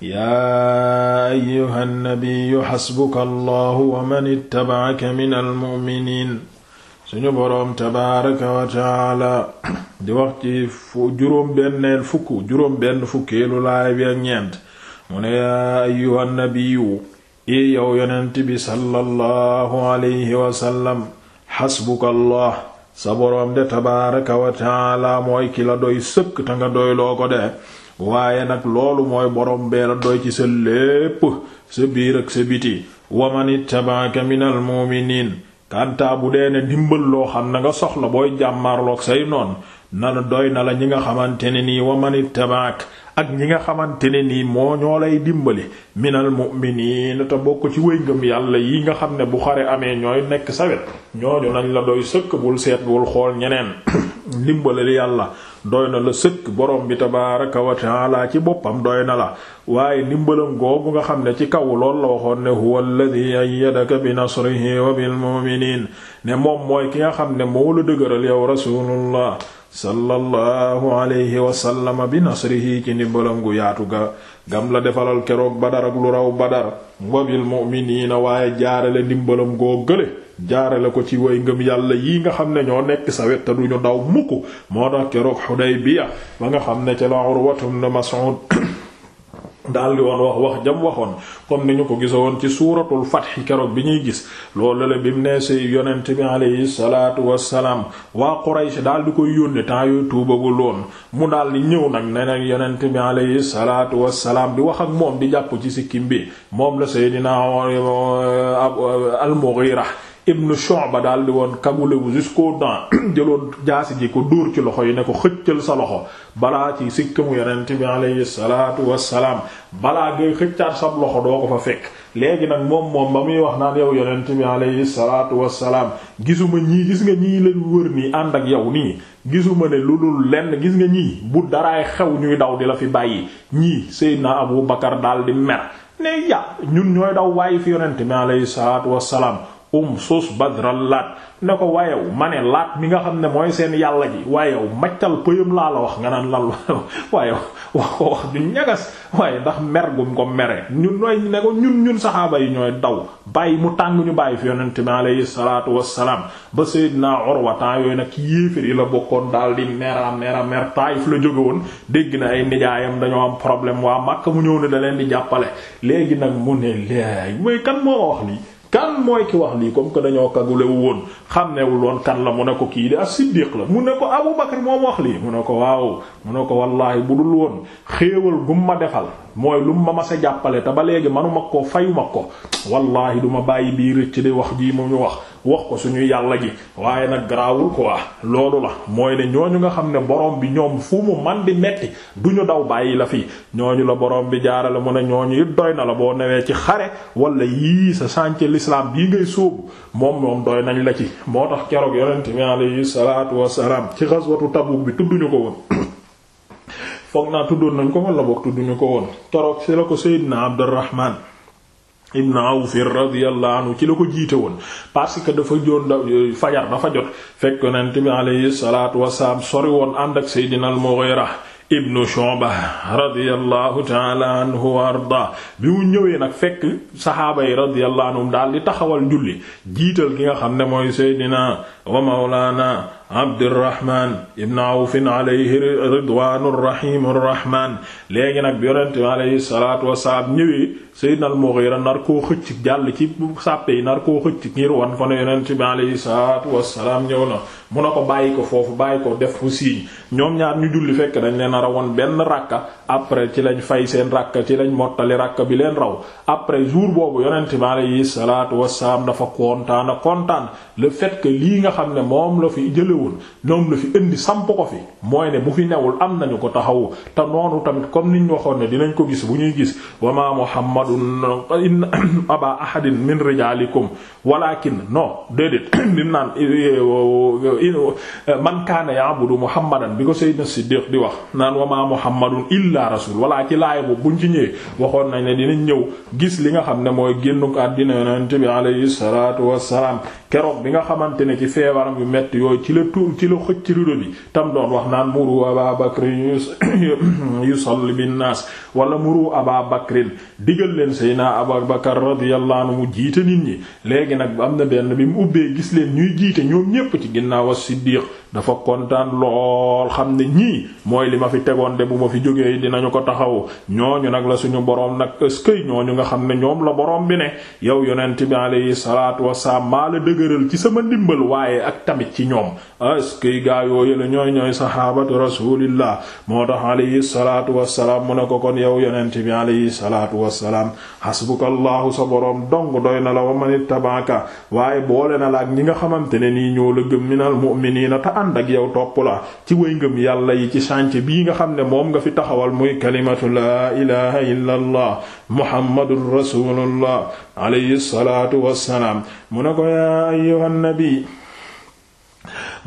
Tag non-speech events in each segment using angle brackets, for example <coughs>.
yaa ayyuha nnabiyu xasbuka allahu wa man ittabacaka min almuminin suñu boroom tabaaraka wa taala di wax fu juróom benneel fukk juróom benn fukkeelu laay bi ñeent mu ne yaa e yow yonent bi sallallahu alayhi wasallam xasbuka allah sa boroom de tabaaraka wa taala mooy ki la doy sëkk te nga doyloo ko de waaye nag loolu mooy borom bee la doy ci sa lépp sa biir ak sa biti wa man ittabaaka minal mu'miniin kàntaa bu dee ne ndimbal loo xam na nga soxla booy jàmmarloog say noon na doy na la ñi nga xamante ne nii wa man ittabaak ak ñi nga xamante ne nii moo ñoo lay dimbali minal mu'miniin te bokk ci wéy ngëm yàlla yi nga xam ne bu xare amee ñooy nekk sa ñooñu nañ la doy sëkk bul seet bul xool ñeneen <coughs> dimbalal yàlla doy na la sëkk borom bi tabaaraka wa ta'ala ci boppam doy na la waaye ndimbalam googu nga xam ne ci kaw lool la waxoon ne huwa alladhi ayyadaka bi nasrihi wa bil mu'minin ne moom mooy ki nga xam ne moo la dëgëral yow rasulullah sallallahu alayhi wa sallama bi nasrihi ci ndimbalam gu yaatu ga gam la defalal keroog badar ak lu raw badar wa bil mu'minina waaye jaarale ndimbalam goo gële jaare jaarale ko ci way ngëm yàlla yi nga xam ne ñoo nekk sa wet te duñu daw mukk moo tax keroog Hudaybiya ba nga xam ne ci la Urwatu ibn Mas'ud <coughs> daal di woon wax wax jam waxoon comme ni ñu ko gisoon ci suuratul fath keroog bi ñuy gis loolu la bi mu nee si yonent bi alayhi salaatu wassalaam waa Quraysh daal di koy yónni temps yooyu tuubagul mu daal di ñëw nag ne nag yonent bi alayhi salaatu wassalaam di wax ak moom di jàpp ci sikkim bi moom la Seydina al-Mughira ibnu ba daal di woon kagulewu jusqu'aux dents <clears throat> jëloo jaasi ji ko dóor ci loxo yi ne ko xëccal sa loxo balaa ci sikkamu yonent bi alayhi salaatu wassalaam balaa ngay xëccaat sab loxo doo ko fa fekk léegi nag moom moom ba muy wax naan yow yonent bi alayhi salaatu wassalaam gisuma ñii gis nga ñii leen wër nii ànd ak yow nii gisuma ne lu dul lenn gis nga ñii bu daray xew ñuy daw di la fi bàyyi ñii Seydina Abu Bakar daal di mer ne ya ñun ñooy daw waaye fi yonent bi alayhi salaatu wassalaam um sus badral laat ne ko wayew ma ne laat mi nga xam ne mooy seen yàlla ji wayew maccal pëyam laa la wax nga naan lal <laughs> waaye wax ko wax du ñagas waaye ndax mer gum ko mere ñun nooy ne ko ñun ñun saxaaba yi ñooy daw bàyyi mu tàng ñu bàyyi fi yonente bi alayhi salaatu wassalaam ba Seydina naa temps yooyu nag yéefér yi la bokkoon daal di mera mera mer Taayif la jóge woon dégg na ay nijaayam dañoo am problème waa Makka mu ñëw ne da leen di jàppale léegi nag mu ne kan mooy ki wax lii comme que dañoo kagulewu woon xam wu woon kan la mu ne ko kii de as-Siddiq la mu ne ko Abu Bakr moom wax lii mu ne ko waaw mu ne ko wallaahi bu dul woon xéewal gum ma defal mooy lu ma ma sa jàppale te ba léegi manuma ko fayuma ko wallaahi duma bàyyi bii ci de wax jii mu ñu wax wax ko suñu yàlla ji waaye nag garaawul quoi loolu la mooy ne ñooñu nga xam ne boroom bi ñoom fu mu man di metti ñu daw bàyyi la fii ñooñu la boroom bi jaarale mu ne ñooñu it doy na la boo newee ci xare wala yii sa sànc l'islam bii ngay sóobu moom moom doy nañ la ci moo tax keroog yonent mi alayhi salaatu wassalaam ci ghazwatu Tabuk bi tudduñu ko woon <coughs> foog naa tuddoon nañ ko wala boog tudduñu ko woon keroog ci la ko Seydina Abdurrahman ibn Awf radiyallahu anhu ci la ko jiite woon parce que dafa joon da fajar dafa jot fekk yonent bi alayhi salaatu wasalaam sori woon ànd ak Seydina al-Mughira ibnu Shu'ba radiyallahu taala anhu wa nag fekk saxaaba yi daal di taxawal julli jiital gi nga xam ne mooy Seydina wa mawlaana abdirahman ibn awfin alayhi ridwanu rahimu rahman léegi nag bi yonente bi alayhi salaatu wasalaam ñëwee sayyidna al-Mughira nar koo xëcc jàll ci sàppe yi nar koo xëcc ngir wan ko ne yonente bi alayhi salaatu wasalaam ñëw na mu na ko bàyyi ko foofu bàyyi ko def ko siiñ ñoom ñaar ñu julli fekk dañ leen a rawoon benn rakka après ci lañ fay seen rakka ci lañ mottali rakka bi leen raw après jour boobu yonente bi alayhi salaatu wasalaam dafa kontaan kontaan woon ñoom la fi indi samp ko fi mooy ne bu fi newul am nañu ko taxawu te noonu tamit comme niñ waxoon ne dinañ ko gis bu ñuy gis wa ma muhammadun <clears throat> in <clears throat> aba ahadin min rijalikum walakin non déedéet dim <clears throat> naan eh, eh, eh, man kaana ya'budu muhammadan bi ko sayyidna wa ma muhammadun illa rasul walaa ci laay bu buñ ci ñëwee waxoon nañ ne dinañ ñëw gis li nga xam ne mooy génnu ko àddina yonent bi alayhi salatu wassalaam keroog bi nga xamante ne ci feebaram yu metti yooyu ci la tuur ci la xëcc rido bi tam doon wax naan muru aba bakrin <coughs> yusalli bin naas wala muru aba bakrin digal leen sayna aba bakar radiyallahu anhu mu jiite nit ñi léegi nag am na benn bi mu ubbee gis leen ñuy jiite ñoom ñépp ci ginnaaw as-siddiq dafa kontaan lool xam ne ñii mooy li ma fi tegoon de bu ma fi jógee dina ñu ko taxaw ñooñu nag la suñu boroom nag ëskëy ñooñu nga xam ne ñoom la boroom bi ne yow yonent bi alayhi salaatu wasalaam maa la dëgëral ci sama ndimbal waaye ak tamit ci ñoom ëskëy gaa yooyu la ñooy ñooy saxaabatu rasulillah moo tax alayhi salaatu wasalaam mu ne ko kon yow yonent bi alayhi salaatu wasalaam hasbukallahu sa boroom dong doy na la wa manit tabaaka waaye boole na la ak ñi nga xamante ne nii ñoo la ànd ak yow topp la ci wéy ngëm yàlla yi ci chantier bii nga xam ne moom nga fi taxawal muy kalimatu laa ilaha illa allah muhammadur rasulullah alayhi salatu wassalaam mu ne ko yaa ayyuhan nabi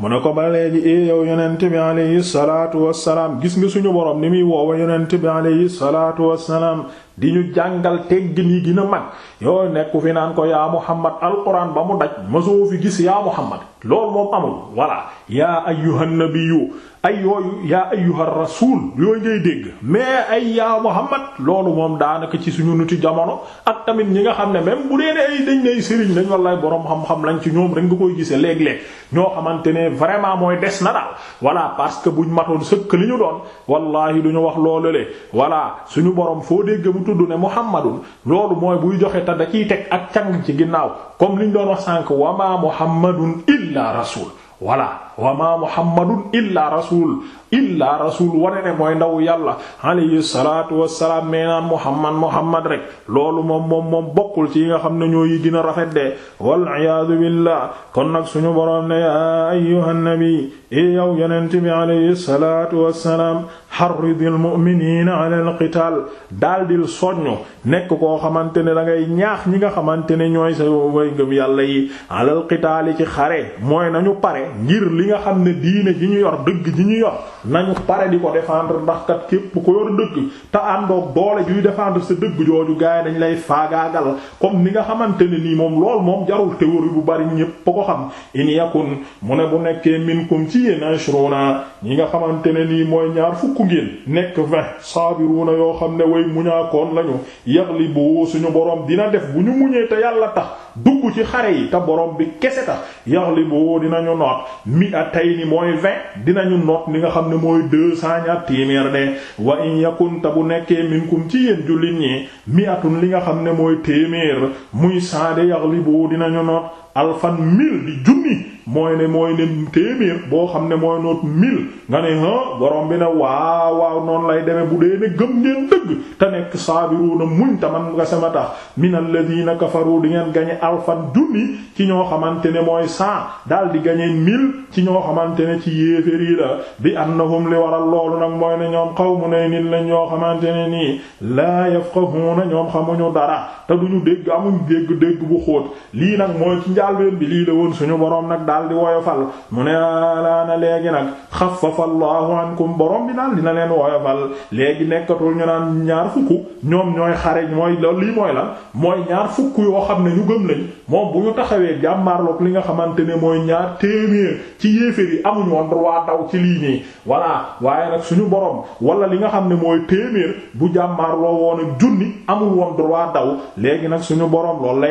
mu ne ko ba léegi e yow yonent bi alayhi salatu wassalaam gis nga suñu borom ni muy woowa yonent bi alayhi salatu wassalaam di ñu jàngal teggin yi gën a mag yoo nekku fi naan ko yaa muhammad alquran ba mu daj ma soo fi gis yaa muhammad loolu moom amul voilà yaa ayyuhan nabiyyu ay yooyu yaa ayyuhar rasul yooyu ngay dégg mais ay yaa muhammad loolu moom daanaka ci suñu nuti jamono ak tamit ñi nga xam ne même bu dee ne ay dañ lay sëriñ lañ wallaay boroom xam-xam lañ ci ñoom rek nga koy gisee léeg-léeg ñoo xamante ne vraiment mooy des na daal voilà parce que buñ matoon sëkk li ñu doon lu ñu wax loolu le voilà suñu borom foo dégg tudd ne muhammadun loolu mooy buy joxe te da ciy teg ak càng ci ginnaaw comme liñ doon wax sànk wamaa muhammadun illa rasul voilà wa ma muhammadun illa rasul illa rasul wane ne mooy ndaw yàlla alayhi salatu wasalaam mee naan muhammad muhammad rek loolu moom moom moom bokkul ci yi nga xam ne ñoo yi gën rafet de wal iyaadu billah kon nag suñu boroom ne yaa ayyuhan nabi i e yow yonent bi alayhi salatu wasalaam harridil mu'minina ala al qital daaldil nekk koo xamante ne da ngay ñaax ñi nga xamante ne ñooy sa way ngëm yàlla yi ala al ci xare mooy nañu pare ngir li nga xam ne diine ji ñu yor dëgg ji ñu yor nañu pare di ko défendre ndax kat képp ko yor dëgg te àndoog doole juy défendre sa dëgg jooju gaay dañ lay faagaagal comme ni nga xamante ne nii moom lool moom jarul théorie bu bari ñépp ko xam in yakun mu ne bu nekkee minkum ci yéen naa ñi nga xamante ne nii mooy ñaar fukk ngeen nekk vingt na yoo xam ne way muñaakoon lañu yaglibu suñu borom dina def bu ñu muñee te yàlla tax dugg ci xare yi te borom bi kese tax yaxlibu dinañu noot mi tey atayni mooy vingt dinañu noot li nga xam ne mooy deux cent ñaar téeméer de wa in yakun bu nekkee minkum ci yéen jullit ñi mi atun li nga xam ne mooy téeméer muy cent de yaxlibu dinañu noot alfan mil di junni mooy ne mooy ne téeméer boo xam ne mooy noot mil nga ne ha borom bi ne waaw waaw noonu lay demee bu dee ne gëm ngeen dëgg te nekk saabiruuna muñ ta man nga sama tax min alladina kafaru di ngeen gañe alfan junni ci ñoo xamante ne mooy cent daal di gañe mil ci ñoo xamante ne ci yéefér yi la bi annahum li waral loolu mooy ne ñoom qawmun nay nit lañ ñoo xamante ne nii laa yafqahuna ñoom xamuñu dara te duñu dégg amuñ dégg dégg bu xóot lii nag mooy ci njàlbeen bi lii la woon suñu borom nag daal di woyofal mu ne laana léegi nag xaffafa allahu ankum borom bi daal dina leen woyofal léegi nekkatul ñu naan ñaar fukku ñoom ñooy xare mooy loolu lii mooy la mooy ñaar fukk yoo xam ne ñu gëm lañ moom bu ñu taxawee jàmmaarloog li nga xamante ne mooy ñaar téeméer ci yéeféer yi amuñ woon droit daw ci lii nii voilà waaye nag suñu boroom wala li nga xam ne mooy téeméer bu jàmmaarloo woon ak junni amul woon droit daw léegi nag suñu borom loolu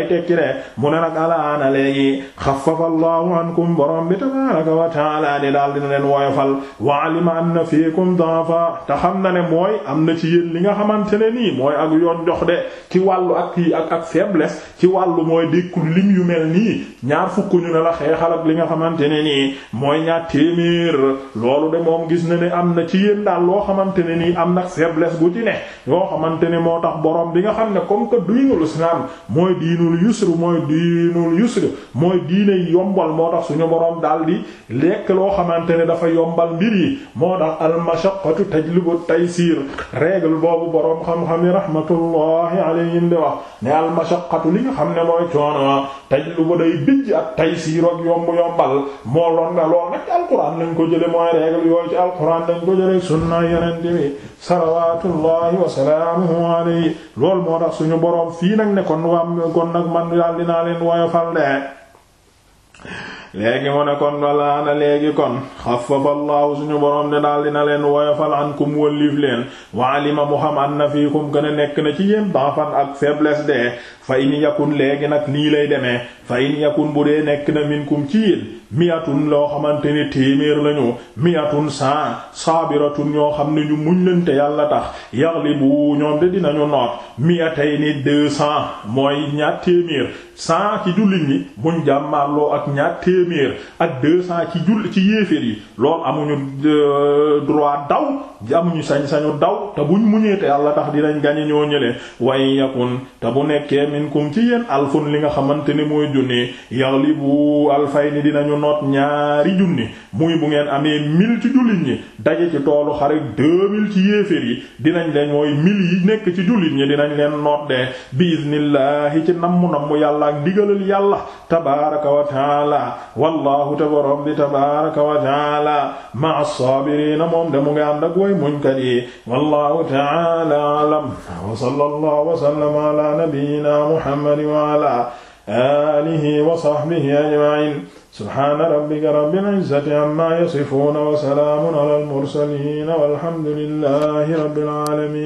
ankum borom bi tabaaraka wa ta'aala de daal dina leen woyofal wa alima anna fiikum da'fa te xam na ne mooy am na ci yéen li nga xamante ne nii mooy ak yoon jox de ci wàllu ak kii ak ak faiblesse ci wàllu mooy dékkul lim yu mel nii ñaar fukk ñu ne la xeexal ak li nga xamante ne nii mooy ñaar téeméer loolu de moom gis na ne am na ci yéen daal loo xamante ne nii am na faiblesse bu ci ne yoo xamante ne moo tax boroom bi nga xam ne comme que diinul islam mooy diinul yusr mooy diinul yusr mooy diine yombal moo tax tax suñu borom daal di lekk loo xamante ne dafa yombal mbir yi moo tax al-mashaqqatu tajlibu taysir règle boobu borom xam-xam yi rahmatullahi alayhim di wax ne al-mashaqqatu li xam ne mooy coono tajlibu day bijj ak taysir ak yomb yombal moo loon nga lool nag ci ko jële mooy règle yooyu ci alquran lañ ko jële sunna yeneen bi salawatullahi wa salaamuhu loolu moo tax suñu borom fii nag ne kon waam kon nag man daal dinaa leen woyofal de léegi mu ne kon walaana léegi kon xafafa allahu suñu boroom de daal na leen woyofal ankum wëlliif leen wa ma mu xam anna fiikum gën a nekk na ci yéen dafan ak faiblesse de fa in yakun léegi nag lii lay demee fa in yakun bu dee nekk na minkum ci yéen miyatun loo xamante ne téeméer lañu miyatun sa saabiratun ñoo xam ne ñu muñ lante yàlla tax yaghlibu ñoom de dinañu noot miyatayni deux cent mooy ñaar téeméer cent ci jullit ñi buñ jàmmaarloo ak ñaar téeméer ak deux cent ci jull yéeféer yi lool amuñu euh, droit daw amuñu sañ-sañu daw te buñ muñee te yàlla tax dinañ gañe ñoo ñële way yakun te bu nekkee minkum ci yéen alfun li nga xamante ne mooy junni yaghlibu alfayni dinañu noot ñaari junni muy bu ngeen amee mille ci jullit ñi daje ci toolu xare deux mille ci yéeféer yi dinañ leen mooy mille yi nekk ci jullit ñi dinañ leen noot de biiznillaahi ci nammu nammu yàlla ak digalal yàlla tabaaraka wa taala wallahu tabaram wa taala ma saabiriina moom de mu ngi ànd ak way muñkat yi wallahu taala alam wa sallallahu wa sallama ala nabiyyina muhammad wa ala alihi wa sahbihi ajma'in subhaana rabbika rabbil izzati amma yasifuuna wa salaamun alal mursaliin walhamdulillahi rabbil aalamiin